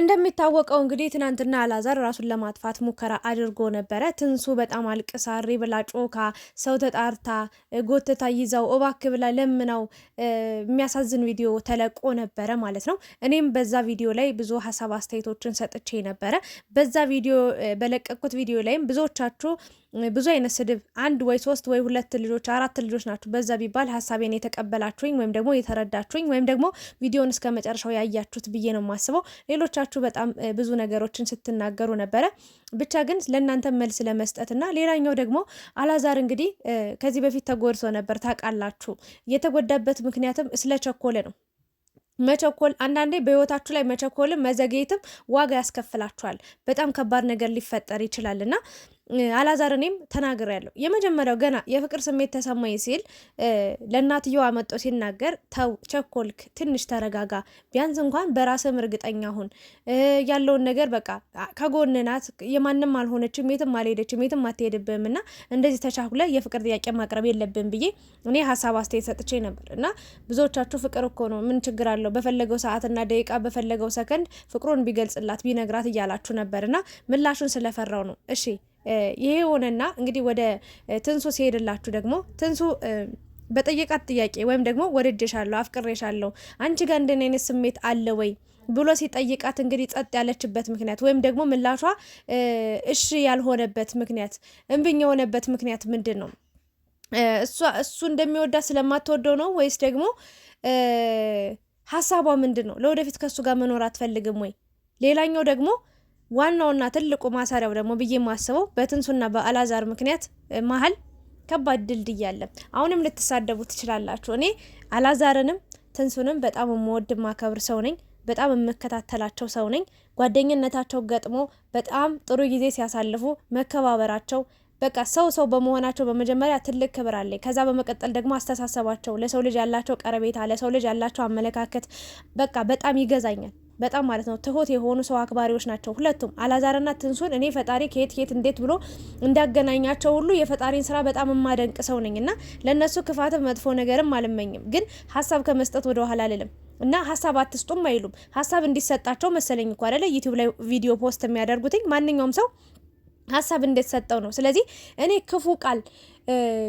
እንደሚታወቀው እንግዲህ ትናንትና አላዛር ራሱን ለማጥፋት ሙከራ አድርጎ ነበረ። ትንሱ በጣም አልቅሳ ሪ ብላ ጮካ ሰው ተጣርታ ጎትታ ይዘው እባክ ብላ ለምነው የሚያሳዝን ቪዲዮ ተለቆ ነበረ ማለት ነው። እኔም በዛ ቪዲዮ ላይ ብዙ ሀሳብ አስተያየቶችን ሰጥቼ ነበረ። በዛ ቪዲዮ በለቀቅኩት ቪዲዮ ላይም ብዙዎቻችሁ ብዙ አይነት ስድብ አንድ ወይ ሶስት ወይ ሁለት ልጆች አራት ልጆች ናችሁ። በዛ ቢባል ሀሳቤን የተቀበላችሁኝ ወይም ደግሞ የተረዳችሁኝ ወይም ደግሞ ቪዲዮን እስከ መጨረሻው ያያችሁት ብዬ ነው የማስበው። ሌሎቻችሁ በጣም ብዙ ነገሮችን ስትናገሩ ነበረ። ብቻ ግን ለእናንተ መልስ ለመስጠት እና ሌላኛው ደግሞ አላዛር እንግዲህ ከዚህ በፊት ተጎድቶ ነበር ታውቃላችሁ። የተጎዳበት ምክንያትም ስለቸኮለ ነው። መቸኮል አንዳንዴ በህይወታችሁ ላይ መቸኮልም መዘግየትም ዋጋ ያስከፍላችኋል። በጣም ከባድ ነገር ሊፈጠር ይችላል እና አላዛር እኔም ተናግር ያለው የመጀመሪያው ገና የፍቅር ስሜት ተሰማኝ ሲል ለእናትየዋ መጦ ሲናገር ተው ቸኮልክ፣ ትንሽ ተረጋጋ፣ ቢያንስ እንኳን በራስም እርግጠኛ ሁን ያለውን ነገር በቃ ከጎን ናት፣ የማንም አልሆነችም፣ የትም አልሄደችም፣ የትም አትሄድብም እና እንደዚህ ተቻኩለ የፍቅር ጥያቄ ማቅረብ የለብን ብዬ እኔ ሀሳብ አስተያየት ሰጥቼ ነበር እና ብዙዎቻችሁ ፍቅር እኮ ነው ምን ችግር አለው በፈለገው ሰዓትና ደቂቃ በፈለገው ሰከንድ ፍቅሩን ቢገልጽላት ቢነግራት እያላችሁ ነበር እና ምላሹን ስለፈራው ነው እሺ ይሄ የሆነና እንግዲህ ወደ ትንሱ ሲሄድላችሁ ደግሞ ትንሱ በጠየቃት ጥያቄ ወይም ደግሞ ወድጄሻለሁ፣ አፍቅሬሻለሁ፣ አንቺ ጋር እንደኔ አይነት ስሜት አለ ወይ ብሎ ሲጠይቃት እንግዲህ ጸጥ ያለችበት ምክንያት ወይም ደግሞ ምላሿ እሺ ያልሆነበት ምክንያት እምብኝ የሆነበት ምክንያት ምንድን ነው? እሷ እሱ እንደሚወዳት ስለማትወደው ነው ወይስ ደግሞ ሀሳቧ ምንድን ነው? ለወደፊት ከእሱ ጋር መኖር አትፈልግም ወይ? ሌላኛው ደግሞ ዋናውና ትልቁ ማሳሪያው ደግሞ ብዬ የማስበው በትንሱና በአላዛር ምክንያት መሀል ከባድ ድልድይ አለ። አሁንም ልትሳደቡ ትችላላችሁ። እኔ አላዛርንም ትንሱንም በጣም የምወድ ማከብር ሰው ነኝ። በጣም የምከታተላቸው ሰው ነኝ። ጓደኝነታቸው ገጥሞ በጣም ጥሩ ጊዜ ሲያሳልፉ መከባበራቸው በቃ ሰው ሰው በመሆናቸው በመጀመሪያ ትልቅ ክብር አለኝ። ከዛ በመቀጠል ደግሞ አስተሳሰባቸው፣ ለሰው ልጅ ያላቸው ቀረቤታ፣ ለሰው ልጅ ያላቸው አመለካከት በቃ በጣም ይገዛኛል። በጣም ማለት ነው ትሁት የሆኑ ሰው አክባሪዎች ናቸው ሁለቱም አላዛርና ትንሱን። እኔ ፈጣሪ ከየት ከየት እንዴት ብሎ እንዳገናኛቸው ሁሉ የፈጣሪን ስራ በጣም የማደንቅ ሰው ነኝ እና ለእነሱ ክፋት መጥፎ ነገርም አልመኝም። ግን ሀሳብ ከመስጠት ወደ ኋላ አልልም እና ሀሳብ አትስጡም አይሉም። ሀሳብ እንዲሰጣቸው መሰለኝ እኮ አደለ ዩቲዩብ ላይ ቪዲዮ ፖስት የሚያደርጉትኝ ማንኛውም ሰው ሀሳብ እንደተሰጠው ነው። ስለዚህ እኔ ክፉ ቃል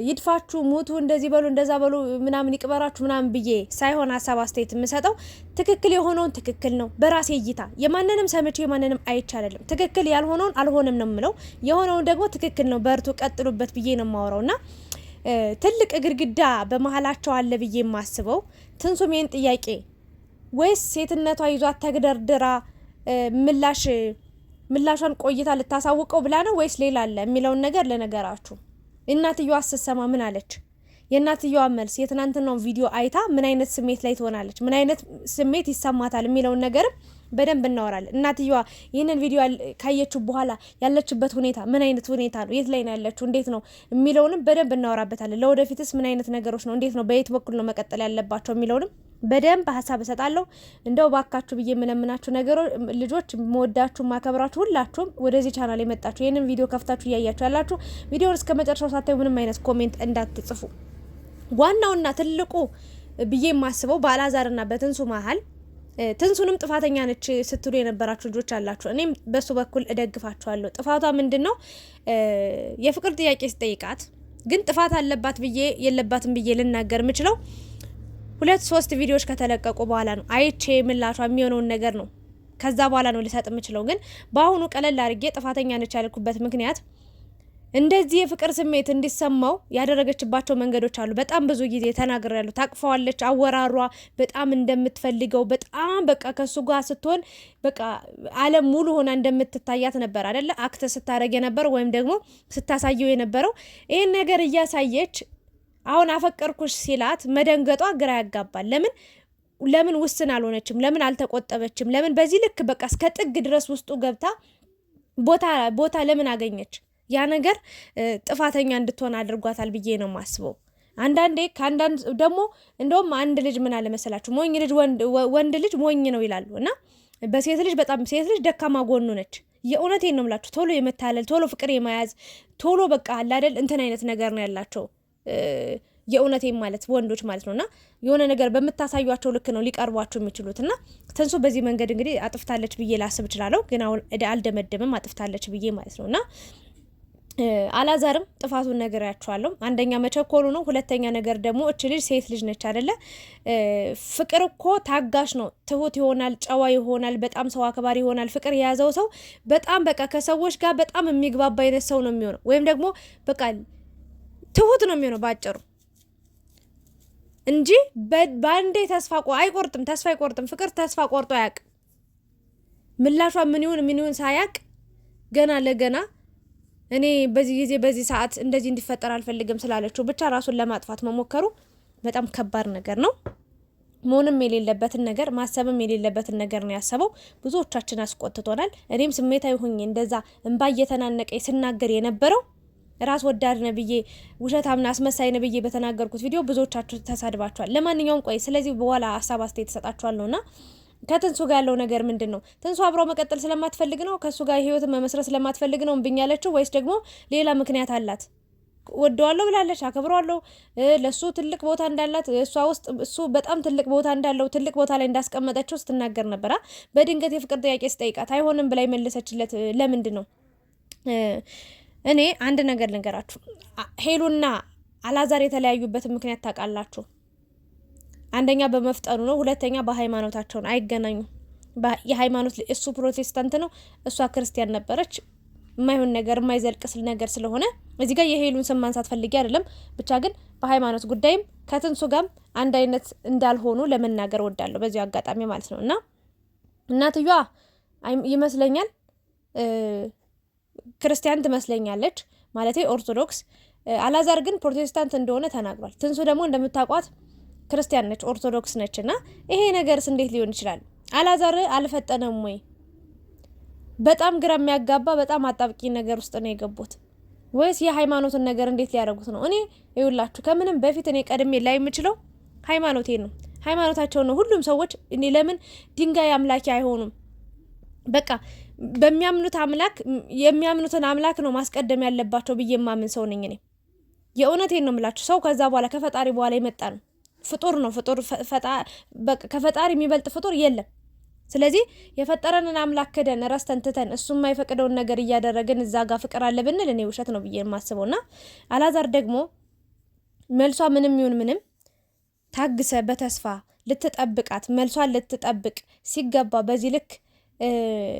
ይድፋችሁ፣ ሙቱ፣ እንደዚህ በሉ፣ እንደዛ በሉ፣ ምናምን ይቅበራችሁ ምናምን ብዬ ሳይሆን ሀሳብ አስተያየት የምሰጠው ትክክል የሆነውን ትክክል ነው በራሴ እይታ የማንንም ሰምቼ የማንንም አይቻለልም። ትክክል ያልሆነውን አልሆነም ነው የምለው፣ የሆነውን ደግሞ ትክክል ነው በርቱ፣ ቀጥሉበት ብዬ ነው የማወራው እና ትልቅ ግድግዳ በመሀላቸው አለ ብዬ የማስበው ትንሱሜን ጥያቄ ወይስ ሴትነቷ ይዟት ተግደርድራ ምላሽ ምላሿን ቆይታ ልታሳውቀው ብላ ነው ወይስ ሌላ አለ የሚለውን ነገር ልነገራችሁ። እናትየዋ ስትሰማ ምን አለች? የእናትየዋ መልስ የትናንትናውን ቪዲዮ አይታ ምን አይነት ስሜት ላይ ትሆናለች፣ ምን አይነት ስሜት ይሰማታል የሚለውን ነገርም በደንብ እናወራለን። እናትየዋ ይህንን ቪዲዮ ካየችው በኋላ ያለችበት ሁኔታ ምን አይነት ሁኔታ ነው፣ የት ላይ ነው ያለችው፣ እንዴት ነው የሚለውንም በደንብ እናወራበታለን። ለወደፊትስ ምን አይነት ነገሮች ነው፣ እንዴት ነው፣ በየት በኩል ነው መቀጠል ያለባቸው የሚለውንም በደንብ ሀሳብ እሰጣለሁ። እንደው ባካችሁ ብዬ የምለምናችሁ ነገሮች ልጆች፣ መወዳችሁ ማከብራችሁ፣ ሁላችሁም ወደዚህ ቻናል የመጣችሁ ይህንን ቪዲዮ ከፍታችሁ እያያችሁ ያላችሁ ቪዲዮን እስከ መጨረሻው ሳታዩ ምንም አይነት ኮሜንት እንዳትጽፉ ዋናውና ትልቁ ብዬ የማስበው በአላዛርና በትንሱ መሀል ትንሱንም ጥፋተኛ ነች ስትሉ የነበራችሁ ልጆች አላችሁ። እኔም በሱ በኩል እደግፋችኋለሁ። ጥፋቷ ምንድን ነው? የፍቅር ጥያቄ ስጠይቃት ግን ጥፋት አለባት ብዬ የለባትም ብዬ ልናገር የምችለው ሁለት ሶስት ቪዲዮዎች ከተለቀቁ በኋላ ነው። አይቼ ምላቷ የሚሆነውን ነገር ነው። ከዛ በኋላ ነው ልሰጥ የምችለው። ግን በአሁኑ ቀለል አድርጌ ጥፋተኛ ነች ያልኩበት ምክንያት እንደዚህ የፍቅር ስሜት እንዲሰማው ያደረገችባቸው መንገዶች አሉ። በጣም ብዙ ጊዜ ተናግር ያሉ ታቅፈዋለች። አወራሯ በጣም እንደምትፈልገው በጣም በቃ ከሱ ጋር ስትሆን በቃ ዓለም ሙሉ ሆና እንደምትታያት ነበር አደለ? አክተ ስታደረግ የነበረው ወይም ደግሞ ስታሳየው የነበረው ይህን ነገር እያሳየች አሁን አፈቀርኩሽ ሲላት መደንገጧ ግራ ያጋባል። ለምን ለምን ውስን አልሆነችም? ለምን አልተቆጠበችም? ለምን በዚህ ልክ በቃ እስከ ጥግ ድረስ ውስጡ ገብታ ቦታ ቦታ ለምን አገኘች? ያ ነገር ጥፋተኛ እንድትሆን አድርጓታል ብዬ ነው የማስበው። አንዳንዴ ከአንዳንድ ደግሞ እንደውም አንድ ልጅ ምን አለመሰላችሁ ሞኝ ልጅ ወንድ ልጅ ሞኝ ነው ይላሉ እና በሴት ልጅ በጣም ሴት ልጅ ደካማ ጎኑ ነች። የእውነቴን ነው የምላችሁ። ቶሎ የመታለል ቶሎ ፍቅር የመያዝ ቶሎ በቃ አላደል እንትን አይነት ነገር ነው ያላቸው። የእውነቴን ማለት ወንዶች ማለት ነው እና የሆነ ነገር በምታሳዩቸው ልክ ነው ሊቀርቧቸው የሚችሉት እና ትንሱ በዚህ መንገድ እንግዲህ አጥፍታለች ብዬ ላስብ እችላለሁ። ግን አሁን አልደመደምም አጥፍታለች ብዬ ማለት ነው እና አላዛርም ጥፋቱን ነግሬያቸዋለሁ። አንደኛ መቸኮሉ ነው። ሁለተኛ ነገር ደግሞ እች ልጅ ሴት ልጅ ነች አይደለ? ፍቅር እኮ ታጋሽ ነው። ትሁት ይሆናል፣ ጨዋ ይሆናል፣ በጣም ሰው አክባሪ ይሆናል። ፍቅር የያዘው ሰው በጣም በቃ ከሰዎች ጋር በጣም የሚግባባ አይነት ሰው ነው የሚሆነው፣ ወይም ደግሞ በቃ ትሁት ነው የሚሆነው በአጭሩ እንጂ በአንዴ ተስፋ አይቆርጥም። ተስፋ አይቆርጥም። ፍቅር ተስፋ ቆርጦ አያውቅም። ምላሿ ምን ይሁን ምን ይሁን ሳያውቅ ገና ለገና እኔ በዚህ ጊዜ በዚህ ሰዓት እንደዚህ እንዲፈጠር አልፈልግም ስላለችው ብቻ ራሱን ለማጥፋት መሞከሩ በጣም ከባድ ነገር ነው። መሆንም የሌለበትን ነገር ማሰብም የሌለበትን ነገር ነው ያሰበው። ብዙዎቻችን አስቆጥቶናል። እኔም ስሜታዊ ሆኜ እንደዛ እንባ እየተናነቀ ስናገር የነበረው ራስ ወዳድ ነው ብዬ ውሸት አምና አስመሳይ ነው ብዬ በተናገርኩት ቪዲዮ ብዙዎቻችሁ ተሳድባችኋል። ለማንኛውም ቆይ ስለዚህ በኋላ ሀሳብ አስተያየት ተሰጣችኋል ነውና ከትንሱ ጋር ያለው ነገር ምንድን ነው? ትንሱ አብረው መቀጠል ስለማትፈልግ ነው? ከእሱ ጋር ህይወትን መመስረት ስለማትፈልግ ነው እምብኝ ያለችው? ወይስ ደግሞ ሌላ ምክንያት አላት? ወደዋለሁ ብላለች፣ አከብረዋለሁ፣ ለእሱ ትልቅ ቦታ እንዳላት እሷ ውስጥ እሱ በጣም ትልቅ ቦታ እንዳለው ትልቅ ቦታ ላይ እንዳስቀመጠችው ስትናገር ነበረ። በድንገት የፍቅር ጥያቄ ስጠይቃት አይሆንም ብላ የመለሰችለት ለምንድን ነው? እኔ አንድ ነገር ልንገራችሁ፣ ሄሉና አላዛር የተለያዩበትን ምክንያት ታውቃላችሁ። አንደኛ በመፍጠሩ ነው፣ ሁለተኛ በሃይማኖታቸውን አይገናኙም። የሃይማኖት እሱ ፕሮቴስታንት ነው፣ እሷ ክርስቲያን ነበረች። የማይሆን ነገር የማይዘልቅ ስል ነገር ስለሆነ እዚህ ጋር የሄሉን ስም ማንሳት ፈልጌ አይደለም። ብቻ ግን በሃይማኖት ጉዳይም ከትንሱ ጋር አንድ አይነት እንዳልሆኑ ለመናገር ወዳለሁ በዚሁ አጋጣሚ ማለት ነው። እና እናትዮዋ ይመስለኛል ክርስቲያን ትመስለኛለች፣ ማለት ኦርቶዶክስ። አላዛር ግን ፕሮቴስታንት እንደሆነ ተናግሯል። ትንሱ ደግሞ እንደምታውቋት ክርስቲያን ነች፣ ኦርቶዶክስ ነች። እና ይሄ ነገርስ እንዴት ሊሆን ይችላል? አላዛር አልፈጠነም ወይ? በጣም ግራ የሚያጋባ በጣም አጣብቂ ነገር ውስጥ ነው የገቡት። ወይስ የሃይማኖትን ነገር እንዴት ሊያደርጉት ነው? እኔ ይውላችሁ ከምንም በፊት እኔ ቀድሜ ላይ የምችለው ሃይማኖቴ ነው፣ ሃይማኖታቸው ነው። ሁሉም ሰዎች እኔ ለምን ድንጋይ አምላኪ አይሆኑም? በቃ በሚያምኑት አምላክ የሚያምኑትን አምላክ ነው ማስቀደም ያለባቸው ብዬ የማምን ሰው ነኝ እኔ። የእውነቴን ነው የምላችሁ። ሰው ከዛ በኋላ ከፈጣሪ በኋላ የመጣ ነው። ፍጡር ነው። ፍጡር ከፈጣሪ የሚበልጥ ፍጡር የለም። ስለዚህ የፈጠረንን አምላክ ክደን ረስተን ትተን እሱ የማይፈቅደውን ነገር እያደረግን እዛ ጋር ፍቅር አለ ብንል እኔ ውሸት ነው ብዬ የማስበው እና አላዛር ደግሞ መልሷ ምንም ይሁን ምንም ታግሰ በተስፋ ልትጠብቃት መልሷን ልትጠብቅ ሲገባ በዚህ ልክ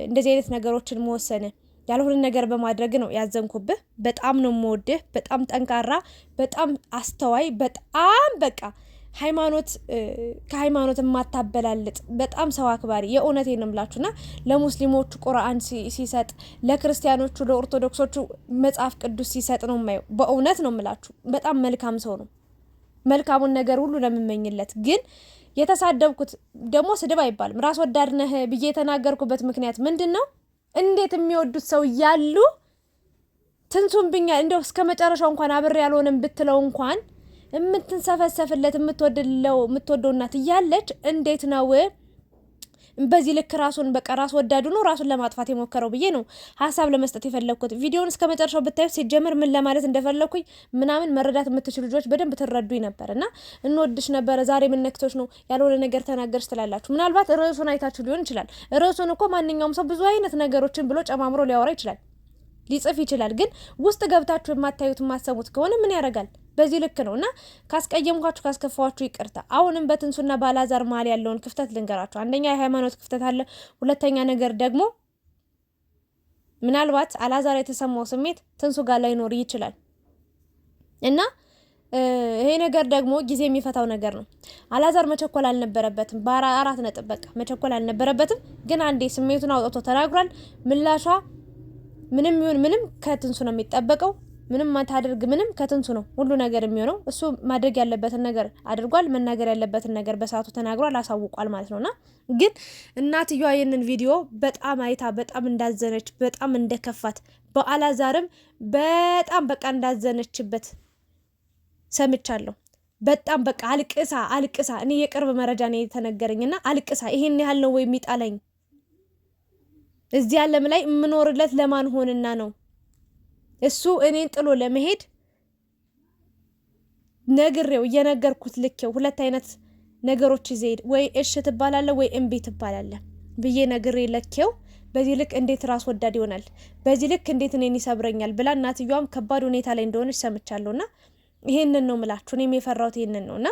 እንደዚህ አይነት ነገሮችን መወሰን ያልሆነ ነገር በማድረግ ነው ያዘንኩብህ። በጣም ነው የምወድህ። በጣም ጠንካራ፣ በጣም አስተዋይ፣ በጣም በቃ ሃይማኖት ከሃይማኖት የማታበላልጥ በጣም ሰው አክባሪ የእውነት ነው ና ለሙስሊሞቹ ቁርአን ሲሰጥ፣ ለክርስቲያኖቹ ለኦርቶዶክሶቹ መጽሐፍ ቅዱስ ሲሰጥ ነው የማየው። በእውነት ነው ምላችሁ በጣም መልካም ሰው ነው። መልካሙን ነገር ሁሉ ለምመኝለት ግን የተሳደብኩት ደግሞ ስድብ አይባልም ራስ ወዳድ ነህ ብዬ የተናገርኩበት ምክንያት ምንድን ነው? እንዴት የሚወዱት ሰው ያሉ ትንሱን ብኛ እንደው እስከ መጨረሻው እንኳን አብሬ ያልሆንም ብትለው እንኳን የምትንሰፈሰፍለት የምትወድለው የምትወደው እናት እያለች እንዴት ነው በዚህ ልክ ራሱን በቃ ራስ ወዳዱ ነው ራሱን ለማጥፋት የሞከረው ብዬ ነው ሀሳብ ለመስጠት የፈለግኩት። ቪዲዮን እስከ መጨረሻው ብታዩት ሲጀምር ምን ለማለት እንደፈለግኩኝ ምናምን መረዳት የምትችሉ ልጆች በደንብ ትረዱኝ ነበር እና እንወድሽ ነበረ ዛሬ ምነክቶች ነው ያልሆነ ነገር ተናገርሽ ትላላችሁ። ምናልባት ርዕሱን አይታችሁ ሊሆን ይችላል። ርዕሱን እኮ ማንኛውም ሰው ብዙ አይነት ነገሮችን ብሎ ጨማምሮ ሊያወራ ይችላል፣ ሊጽፍ ይችላል። ግን ውስጥ ገብታችሁ የማታዩት የማሰቡት ከሆነ ምን ያደርጋል? በዚህ ልክ ነው እና ካስቀየምኳችሁ ካስከፋችሁ ይቅርታ። አሁንም በትንሱና በአላዛር መሀል ያለውን ክፍተት ልንገራችሁ። አንደኛ የሃይማኖት ክፍተት አለ። ሁለተኛ ነገር ደግሞ ምናልባት አላዛር የተሰማው ስሜት ትንሱ ጋር ላይኖር ይችላል እና ይሄ ነገር ደግሞ ጊዜ የሚፈታው ነገር ነው። አላዛር መቸኮል አልነበረበትም። በአራት ነጥብ በቃ መቸኮል አልነበረበትም። ግን አንዴ ስሜቱን አውጥቶ ተናግሯል። ምላሿ ምንም ይሁን ምንም ከትንሱ ነው የሚጠበቀው። ምንም ማታደርግ ምንም ከትንሱ ነው ሁሉ ነገር የሚሆነው። እሱ ማድረግ ያለበትን ነገር አድርጓል፣ መናገር ያለበትን ነገር በሰዓቱ ተናግሯል፣ አሳውቋል ማለት ነውና ግን እናትየዋ ይህንን ቪዲዮ በጣም አይታ በጣም እንዳዘነች በጣም እንደከፋት በአላዛርም በጣም በቃ እንዳዘነችበት ሰምቻለሁ። በጣም በቃ አልቅሳ አልቅሳ እኔ የቅርብ መረጃ ነው የተነገረኝና አልቅሳ ይሄን ያህል ነው ወይ የሚጣለኝ እዚህ ዓለም ላይ የምኖርለት ለማን ሆንና ነው እሱ እኔን ጥሎ ለመሄድ ነግሬው እየነገርኩት ልኬው ሁለት አይነት ነገሮች ይዘ ወይ እሽ ትባላለ ወይ እምቢ ትባላለ ብዬ ነግሬ ለኬው በዚህ ልክ እንዴት ራስ ወዳድ ይሆናል? በዚህ ልክ እንዴት እኔን ይሰብረኛል? ብላ እናትየዋም ከባድ ሁኔታ ላይ እንደሆነች ና ይሄንን ነው ምላችሁ። እኔም የፈራሁት ይሄንን ነውና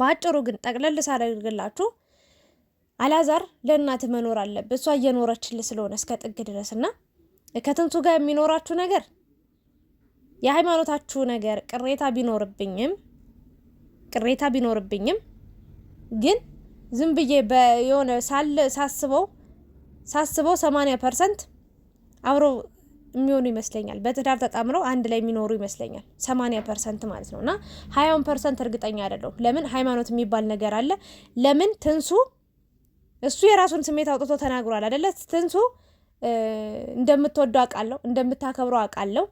በአጭሩ ግን ጠቅለል ሳደርግላችሁ አላዛር ለእናት መኖር አለብህ። እሷ እየኖረችልህ ስለሆነ እስከ ጥግ ድረስ እና ከትንሱ ጋር የሚኖራችሁ ነገር የሃይማኖታችሁ ነገር ቅሬታ ቢኖርብኝም ቅሬታ ቢኖርብኝም ግን ዝም ብዬ የሆነ ሳስበው ሳስበው ሰማንያ ፐርሰንት አብረው የሚሆኑ ይመስለኛል። በትዳር ተጣምረው አንድ ላይ የሚኖሩ ይመስለኛል። ሰማንያ ፐርሰንት ማለት ነው እና ሀያውን ፐርሰንት እርግጠኛ አይደለሁም። ለምን ሃይማኖት የሚባል ነገር አለ። ለምን ትንሱ እሱ የራሱን ስሜት አውጥቶ ተናግሯል አደለ ትንሱ እንደምትወደው አውቃለሁ፣ እንደምታከብረው አውቃለሁ።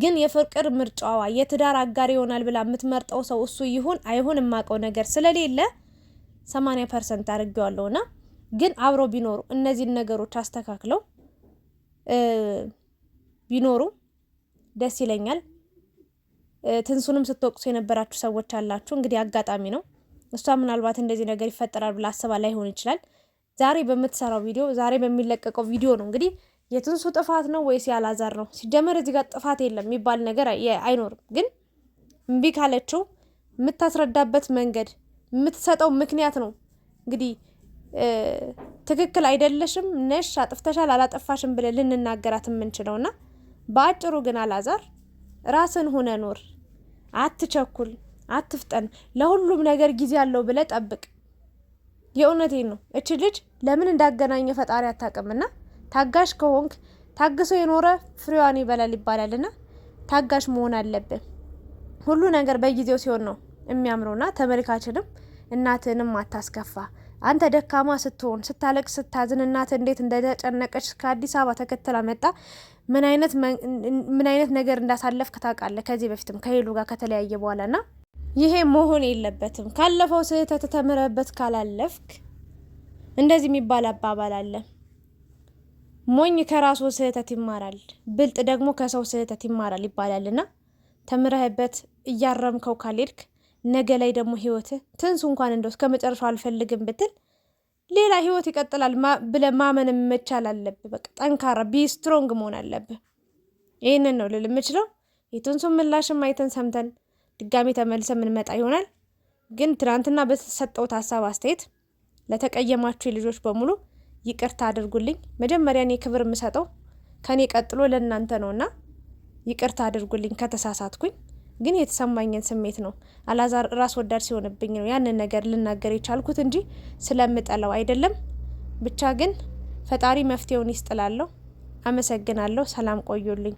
ግን የፍቅር ምርጫዋ የትዳር አጋር ይሆናል ብላ የምትመርጠው ሰው እሱ ይሁን አይሁን የማውቀው ነገር ስለሌለ 80 ፐርሰንት አድርጌዋለሁና ግን አብሮ ቢኖሩ እነዚህን ነገሮች አስተካክለው ቢኖሩ ደስ ይለኛል። ትንሱንም ስትወቅሱ የነበራችሁ ሰዎች አላችሁ። እንግዲህ አጋጣሚ ነው። እሷ ምናልባት እንደዚህ ነገር ይፈጠራል ብላ አስባ ላይሆን ይችላል። ዛሬ በምትሰራው ቪዲዮ ዛሬ በሚለቀቀው ቪዲዮ ነው እንግዲህ የትንሱ ጥፋት ነው ወይስ ያላዛር ነው? ሲጀመር እዚህ ጋር ጥፋት የለም የሚባል ነገር አይኖርም። ግን እምቢ ካለችው የምታስረዳበት መንገድ የምትሰጠው ምክንያት ነው እንግዲህ ትክክል አይደለሽም ነሽ አጥፍተሻል አላጠፋሽም ብለን ልንናገራት የምንችለው እና በአጭሩ ግን አላዛር ራስን ሆነ ኖር፣ አትቸኩል፣ አትፍጠን፣ ለሁሉም ነገር ጊዜ አለው ብለ ጠብቅ። የእውነቴን ነው እች ልጅ ለምን እንዳገናኘ ፈጣሪ አታውቅምና ታጋሽ ከሆንክ ታግሶ የኖረ ፍሬዋን ይበላል ይባላልና ታጋሽ መሆን አለብን። ሁሉ ነገር በጊዜው ሲሆን ነው የሚያምረውና ተመልካችንም እናትንም አታስከፋ። አንተ ደካማ ስትሆን ስታለቅ ስታዝን እናት እንዴት እንደተጨነቀች ከአዲስ አበባ ተከትላ መጣ። ምን አይነት ነገር እንዳሳለፍክ ታውቃለህ። ከዚህ በፊትም ከሄሉ ጋር ከተለያየ በኋላ ና ይሄ መሆን የለበትም። ካለፈው ስህተት ተምረበት ካላለፍክ እንደዚህ የሚባል አባባል አለ። ሞኝ ከራሱ ስህተት ይማራል፣ ብልጥ ደግሞ ከሰው ስህተት ይማራል እና ተምረህበት እያረምከው ካልሄድክ ነገ ላይ ደግሞ ህይወት ትንሱ እንኳን እንደው እስከ መጨረሻው አልፈልግም ብትል ሌላ ህይወት ይቀጥላል ብለህ ማመን መቻል አለብህ። በቃ ጠንካራ ቢ ስትሮንግ መሆን አለብህ። ይህንን ነው ልል የምችለው። የትንሱን ምላሽም አይተን ሰምተን ድጋሚ ተመልሰ መጣ ይሆናል። ግን ትናንትና በተሰጠውት ሀሳብ አስተያየት ለተቀየማችሁ ልጆች በሙሉ ይቅርታ አድርጉልኝ። መጀመሪያ እኔ ክብር የምሰጠው ከኔ ቀጥሎ ለእናንተ ነውና ይቅርታ አድርጉልኝ ከተሳሳትኩኝ። ግን የተሰማኝን ስሜት ነው። አላዛር ራስ ወዳድ ሲሆንብኝ ነው ያንን ነገር ልናገር የቻልኩት እንጂ ስለምጠላው አይደለም። ብቻ ግን ፈጣሪ መፍትሄውን ይስጥላለሁ። አመሰግናለሁ። ሰላም ቆዩልኝ።